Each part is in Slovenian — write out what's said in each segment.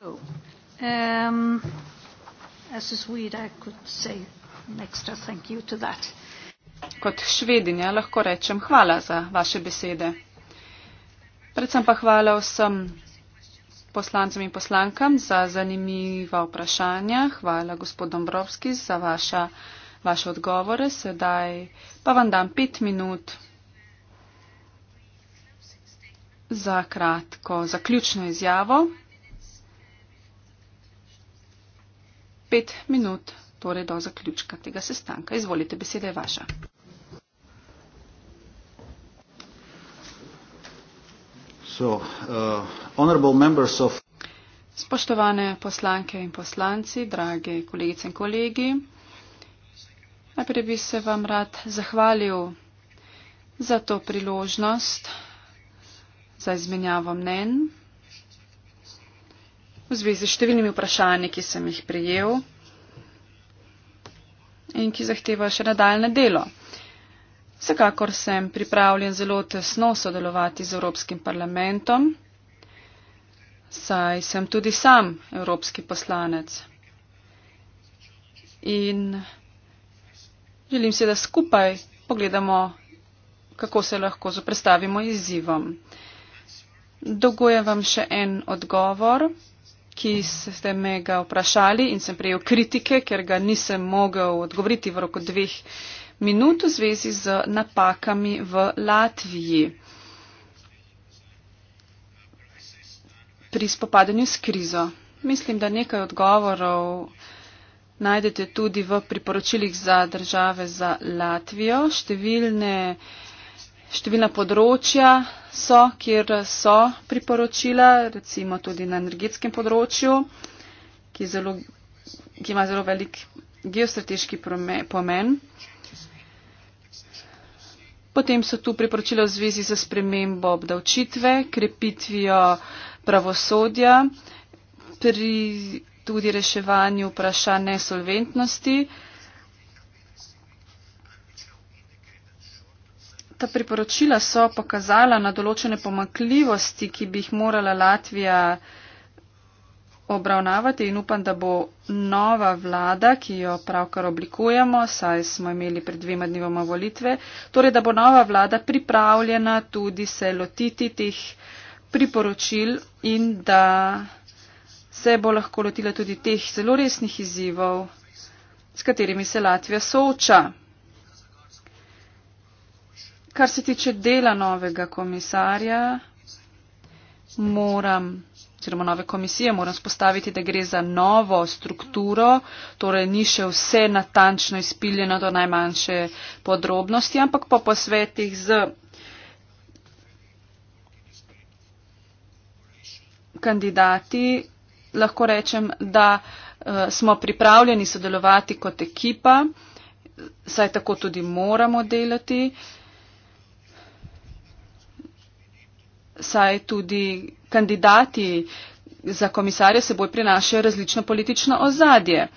Um, as a Swede, I could say an extra uh, thank you to that. Kot švedinja lahko rečem hvala za vaše besede. Predvsem pa hvala vsem poslancem in poslankam za zanimiva vprašanja. Hvala gospod Dombrovski za vaša, vaše odgovore. Sedaj pa vam dam pet minut za kratko zaključno izjavo. pet minut, torej do zaključka tega sestanka. Izvolite, beseda je vaša. So, uh, of... Spoštovane poslanke in poslanci, drage kolegice in kolegi, najprej bi se vam rad zahvalil za to priložnost za izmenjavo mnen v zvezi s številnimi vprašanji, ki sem jih prijel in ki zahtevajo še nadaljne delo. Vsekakor sem pripravljen zelo tesno sodelovati z Evropskim parlamentom, saj sem tudi sam evropski poslanec. In želim se, da skupaj pogledamo, kako se lahko zoprestavimo izzivom. Dogujem vam še en odgovor ki ste me ga vprašali in sem prejel kritike, ker ga nisem mogel odgovoriti v roku dveh minut v zvezi z napakami v Latviji pri spopadanju s krizo. Mislim, da nekaj odgovorov najdete tudi v priporočilih za države za Latvijo. Številne, številna področja so, kjer so priporočila, recimo tudi na energetskem področju, ki, zelo, ki ima zelo velik geostrateški pomen. Potem so tu priporočila v zvezi z spremembo obdavčitve, krepitvijo pravosodja, pri tudi reševanju vprašanj nesolventnosti. ta priporočila so pokazala na določene pomakljivosti, ki bi jih morala Latvija obravnavati in upam, da bo nova vlada, ki jo pravkar oblikujemo, saj smo imeli pred dvema dnevoma volitve, torej da bo nova vlada pripravljena tudi se lotiti teh priporočil in da se bo lahko lotila tudi teh zelo resnih izzivov, s katerimi se Latvija sooča. Kar se tiče dela novega komisarja, moram, oziroma nove komisije, moram spostaviti, da gre za novo strukturo, torej ni še vse natančno izpiljeno do najmanjše podrobnosti, ampak po posvetih z kandidati lahko rečem, da uh, smo pripravljeni sodelovati kot ekipa, saj tako tudi moramo delati. Uh, saj tudi kandidati za komisarje seboj prinašajo različno politično ozadje.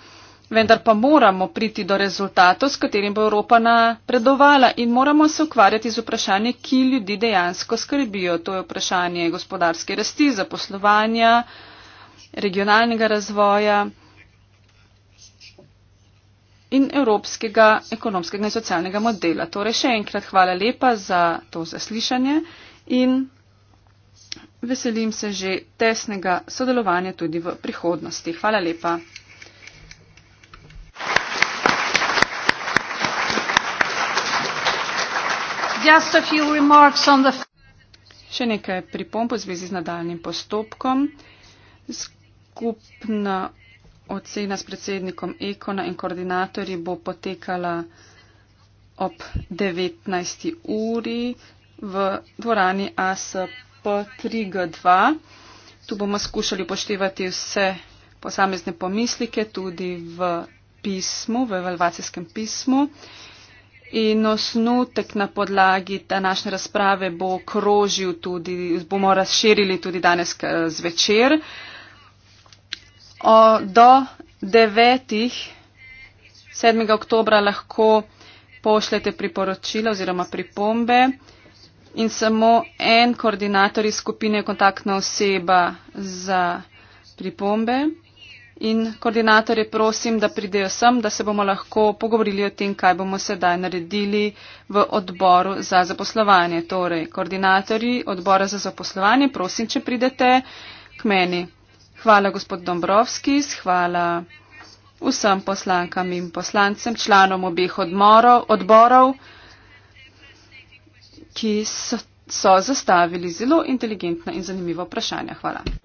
Vendar pa moramo priti do rezultatov, s katerim bo Evropa napredovala in moramo se ukvarjati z vprašanji, ki ljudi dejansko skrbijo. To je vprašanje gospodarske rasti, zaposlovanja, regionalnega razvoja in evropskega ekonomskega in socialnega modela. Torej še enkrat hvala lepa za to zaslišanje in veselim se že tesnega sodelovanja tudi v prihodnosti. Hvala lepa. Še nekaj pripomb v zvezi z nadaljnim postopkom. Skupna ocena s predsednikom Ekona in koordinatorji bo potekala ob 19. uri v dvorani ASP. 3G2. Tu bomo skušali poštevati vse posamezne pomislike tudi v pismu, v evalvacijskem pismu. In osnutek na podlagi današnje razprave bo krožil tudi, bomo razširili tudi danes zvečer. O, do 9. 7. oktobra lahko pošljete priporočila oziroma pripombe in samo en koordinator iz skupine je kontaktna oseba za pripombe. In koordinatorje prosim, da pridejo sem, da se bomo lahko pogovorili o tem, kaj bomo sedaj naredili v odboru za zaposlovanje. Torej, koordinatorji odbora za zaposlovanje, prosim, če pridete k meni. Hvala, gospod Dombrovski, hvala vsem poslankam in poslancem, članom obeh odmorov, odborov ki so zastavili zelo inteligentna in zanimiva vprašanja. Hvala.